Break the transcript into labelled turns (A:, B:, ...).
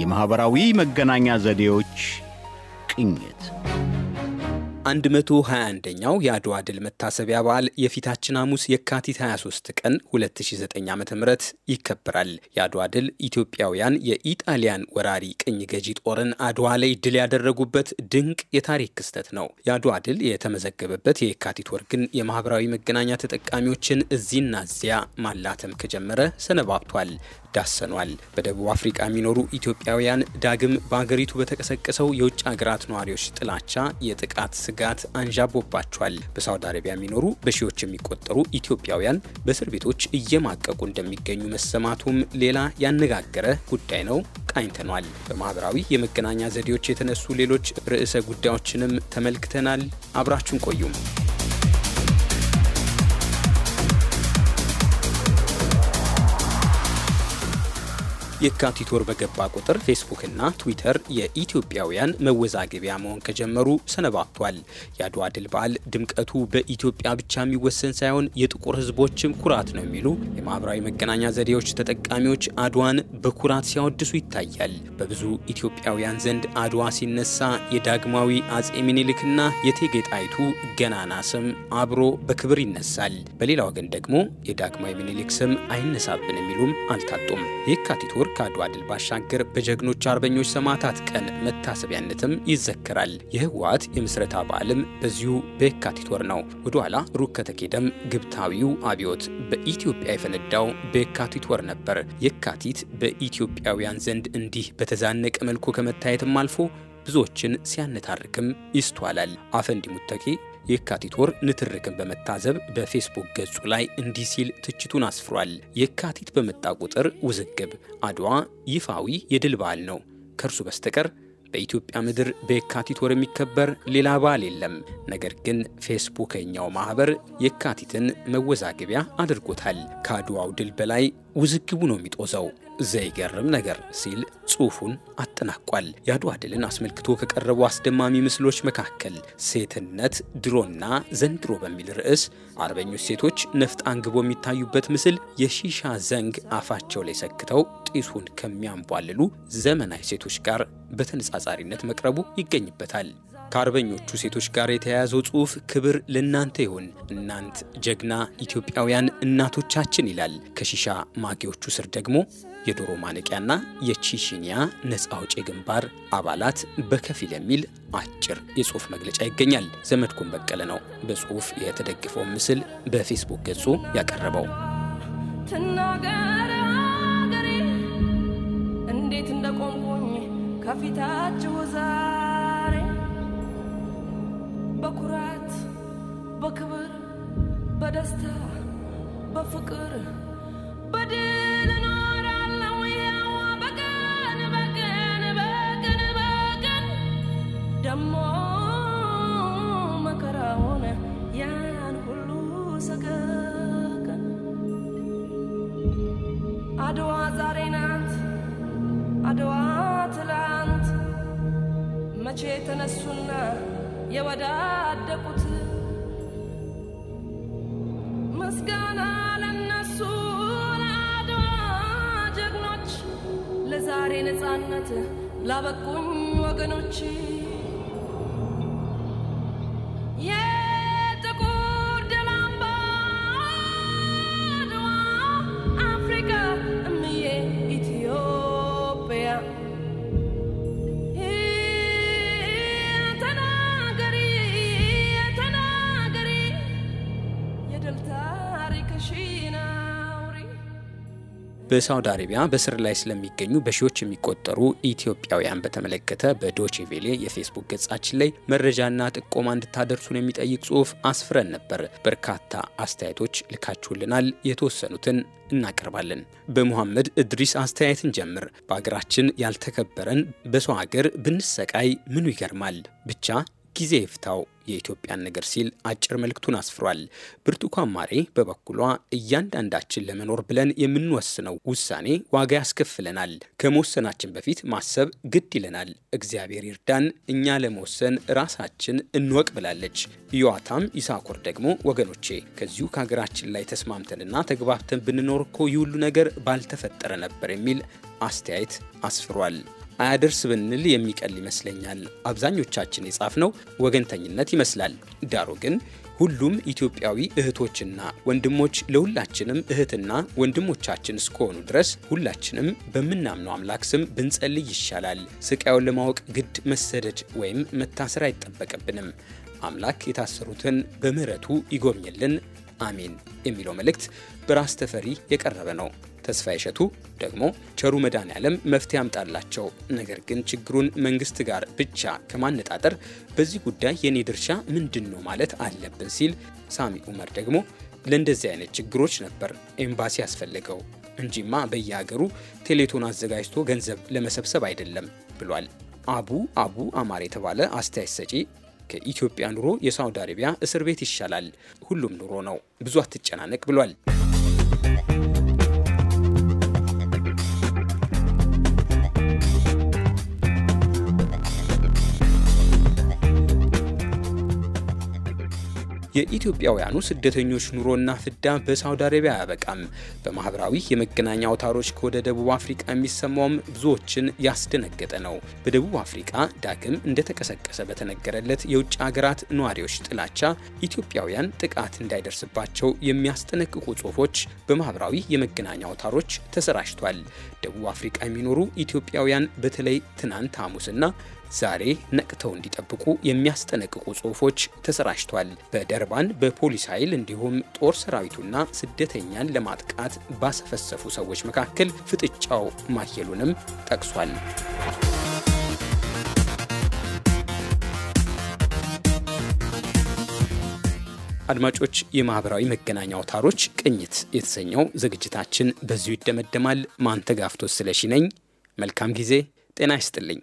A: የማኅበራዊ መገናኛ ዘዴዎች ቅኝት 121ኛው የአድዋ ድል መታሰቢያ በዓል የፊታችን ሐሙስ የካቲት 23 ቀን 2009 ዓ ም ይከበራል። የአድዋ ድል ኢትዮጵያውያን የኢጣሊያን ወራሪ ቅኝ ገዢ ጦርን አድዋ ላይ ድል ያደረጉበት ድንቅ የታሪክ ክስተት ነው። የአድዋ ድል የተመዘገበበት የካቲት ወር ግን የማኅበራዊ መገናኛ ተጠቃሚዎችን እዚህና እዚያ ማላተም ከጀመረ ሰነባብቷል። ዳሰኗል። በደቡብ አፍሪቃ የሚኖሩ ኢትዮጵያውያን ዳግም በአገሪቱ በተቀሰቀሰው የውጭ ሀገራት ነዋሪዎች ጥላቻ የጥቃት ስጋት አንዣቦባቸዋል። በሳውዲ አረቢያ የሚኖሩ በሺዎች የሚቆጠሩ ኢትዮጵያውያን በእስር ቤቶች እየማቀቁ እንደሚገኙ መሰማቱም ሌላ ያነጋገረ ጉዳይ ነው። ቃኝተኗል። በማህበራዊ የመገናኛ ዘዴዎች የተነሱ ሌሎች ርዕሰ ጉዳዮችንም ተመልክተናል። አብራችሁን ቆዩም። የካቲት ወር በገባ ቁጥር ፌስቡክና ትዊተር የኢትዮጵያውያን መወዛገቢያ መሆን ከጀመሩ ሰነባብቷል። የአድዋ ድል በዓል ድምቀቱ በኢትዮጵያ ብቻ የሚወሰን ሳይሆን የጥቁር ሕዝቦችም ኩራት ነው የሚሉ የማህበራዊ መገናኛ ዘዴዎች ተጠቃሚዎች አድዋን በኩራት ሲያወድሱ ይታያል። በብዙ ኢትዮጵያውያን ዘንድ አድዋ ሲነሳ የዳግማዊ አጼ ሚኒልክና የእቴጌ ጣይቱ ገናና ስም አብሮ በክብር ይነሳል። በሌላ ወገን ደግሞ የዳግማዊ ሚኒሊክ ስም አይነሳብን የሚሉም አልታጡም። የካቲት ወር ወር ከአድዋ ድል ባሻገር በጀግኖች አርበኞች ሰማዕታት ቀን መታሰቢያነትም ይዘከራል። የህወሓት የምስረታ በዓልም በዚሁ በየካቲት ወር ነው። ወደ ኋላ ሩቅ ከተኬደም ግብታዊው አብዮት በኢትዮጵያ የፈነዳው በየካቲት ወር ነበር። የካቲት በኢትዮጵያውያን ዘንድ እንዲህ በተዛነቀ መልኩ ከመታየትም አልፎ ብዙዎችን ሲያነታርክም ይስተዋላል። አፈንዲ ሙተኬ የካቲት ወር ንትርክን በመታዘብ በፌስቡክ ገጹ ላይ እንዲህ ሲል ትችቱን አስፍሯል። የካቲት በመጣ ቁጥር ውዝግብ፣ አድዋ ይፋዊ የድል በዓል ነው። ከእርሱ በስተቀር በኢትዮጵያ ምድር በየካቲት ወር የሚከበር ሌላ በዓል የለም። ነገር ግን ፌስቡከኛው ማህበር የካቲትን መወዛገቢያ አድርጎታል። ከአድዋው ድል በላይ ውዝግቡ ነው የሚጦዘው ዘይገርም ነገር ሲል ጽሑፉን አጠናቋል። የአድዋ ድልን አስመልክቶ ከቀረቡ አስደማሚ ምስሎች መካከል ሴትነት ድሮና ዘንድሮ በሚል ርዕስ አርበኞች ሴቶች ነፍጥ አንግቦ የሚታዩበት ምስል የሺሻ ዘንግ አፋቸው ላይ ሰክተው ጢሱን ከሚያንቧልሉ ዘመናዊ ሴቶች ጋር በተነጻጻሪነት መቅረቡ ይገኝበታል። ከአርበኞቹ ሴቶች ጋር የተያያዘው ጽሑፍ ክብር ለእናንተ ይሁን እናንት ጀግና ኢትዮጵያውያን እናቶቻችን ይላል። ከሺሻ ማጌዎቹ ስር ደግሞ የዶሮ ማነቂያና የቺሽኒያ ነፃ አውጪ ግንባር አባላት በከፊል የሚል አጭር የጽሑፍ መግለጫ ይገኛል። ዘመድኩን በቀለ ነው በጽሑፍ የተደገፈውን ምስል በፌስቡክ ገጹ ያቀረበው።
B: ከፊታችሁ ዛሬ በኩራት በክብር በደስታ በፍቅር በድል እኖራለሁ ያው በቀን በቀን በቀን በቀን ደሞ መቼ የተነሱና የወዳደቁት ምስጋና ለነሱ ለአድዋ ጀግኖች፣ ለዛሬ ነፃነት ላበቁኝ ወገኖች
A: በሳውዲ አረቢያ በስር ላይ ስለሚገኙ በሺዎች የሚቆጠሩ ኢትዮጵያውያን በተመለከተ በዶቼቬሌ የፌስቡክ ገጻችን ላይ መረጃና ጥቆማ እንድታደርሱን የሚጠይቅ ጽሑፍ አስፍረን ነበር። በርካታ አስተያየቶች ልካችሁልናል። የተወሰኑትን እናቀርባለን። በሙሐመድ እድሪስ አስተያየትን ጀምር። በሀገራችን ያልተከበረን በሰው ሀገር ብንሰቃይ ምኑ ይገርማል? ብቻ ጊዜ ይፍታው የኢትዮጵያን ነገር ሲል አጭር መልእክቱን አስፍሯል። ብርቱካን ማሬ በበኩሏ እያንዳንዳችን ለመኖር ብለን የምንወስነው ውሳኔ ዋጋ ያስከፍለናል። ከመወሰናችን በፊት ማሰብ ግድ ይለናል። እግዚአብሔር ይርዳን፣ እኛ ለመወሰን ራሳችን እንወቅ ብላለች። ዮዋታም ይሳኮር ደግሞ ወገኖቼ ከዚሁ ከሀገራችን ላይ ተስማምተንና ተግባብተን ብንኖር እኮ ይህ ሁሉ ነገር ባልተፈጠረ ነበር የሚል አስተያየት አስፍሯል። አያድርስ ብንል የሚቀል ይመስለኛል። አብዛኞቻችን የጻፍነው ወገንተኝነት ይመስላል። ዳሩ ግን ሁሉም ኢትዮጵያዊ እህቶችና ወንድሞች ለሁላችንም እህትና ወንድሞቻችን እስከሆኑ ድረስ ሁላችንም በምናምነው አምላክ ስም ብንጸልይ ይሻላል። ስቃዩን ለማወቅ ግድ መሰደድ ወይም መታሰር አይጠበቅብንም። አምላክ የታሰሩትን በምሕረቱ ይጎብኝልን፣ አሜን የሚለው መልእክት በራስ ተፈሪ የቀረበ ነው። ተስፋ ይሸቱ ደግሞ ቸሩ ያለም መፍትሄ አምጣላቸው። ነገር ግን ችግሩን መንግስት ጋር ብቻ ከማነጣጠር በዚህ ጉዳይ የኔ ድርሻ ምንድን ነው ማለት አለብን ሲል፣ ሳሚ ኡመር ደግሞ ለእንደዚህ አይነት ችግሮች ነበር ኤምባሲ ያስፈለገው እንጂማ በየሀገሩ ቴሌቶን አዘጋጅቶ ገንዘብ ለመሰብሰብ አይደለም ብሏል። አቡ አቡ አማር የተባለ አስተያየት ሰጪ ከኢትዮጵያ ኑሮ የሳውዲ አረቢያ እስር ቤት ይሻላል፣ ሁሉም ኑሮ ነው፣ ብዙ አትጨናነቅ ብሏል። የኢትዮጵያውያኑ ስደተኞች ኑሮና ፍዳ በሳውዲ አረቢያ አያበቃም። በማህበራዊ የመገናኛ አውታሮች ከወደ ደቡብ አፍሪቃ የሚሰማውም ብዙዎችን ያስደነገጠ ነው። በደቡብ አፍሪቃ ዳግም እንደተቀሰቀሰ በተነገረለት የውጭ ሀገራት ነዋሪዎች ጥላቻ ኢትዮጵያውያን ጥቃት እንዳይደርስባቸው የሚያስጠነቅቁ ጽሁፎች በማህበራዊ የመገናኛ አውታሮች ተሰራጭቷል። ደቡብ አፍሪቃ የሚኖሩ ኢትዮጵያውያን በተለይ ትናንት ሐሙስና ዛሬ ነቅተው እንዲጠብቁ የሚያስጠነቅቁ ጽሑፎች ተሰራጭቷል። በደርባን በፖሊስ ኃይል እንዲሁም ጦር ሰራዊቱና ስደተኛን ለማጥቃት ባሰፈሰፉ ሰዎች መካከል ፍጥጫው ማየሉንም ጠቅሷል። አድማጮች፣ የማህበራዊ መገናኛ አውታሮች ቅኝት የተሰኘው ዝግጅታችን በዚሁ ይደመደማል። ማንተጋፍቶ ስለሺ ነኝ። መልካም ጊዜ። ጤና ይስጥልኝ።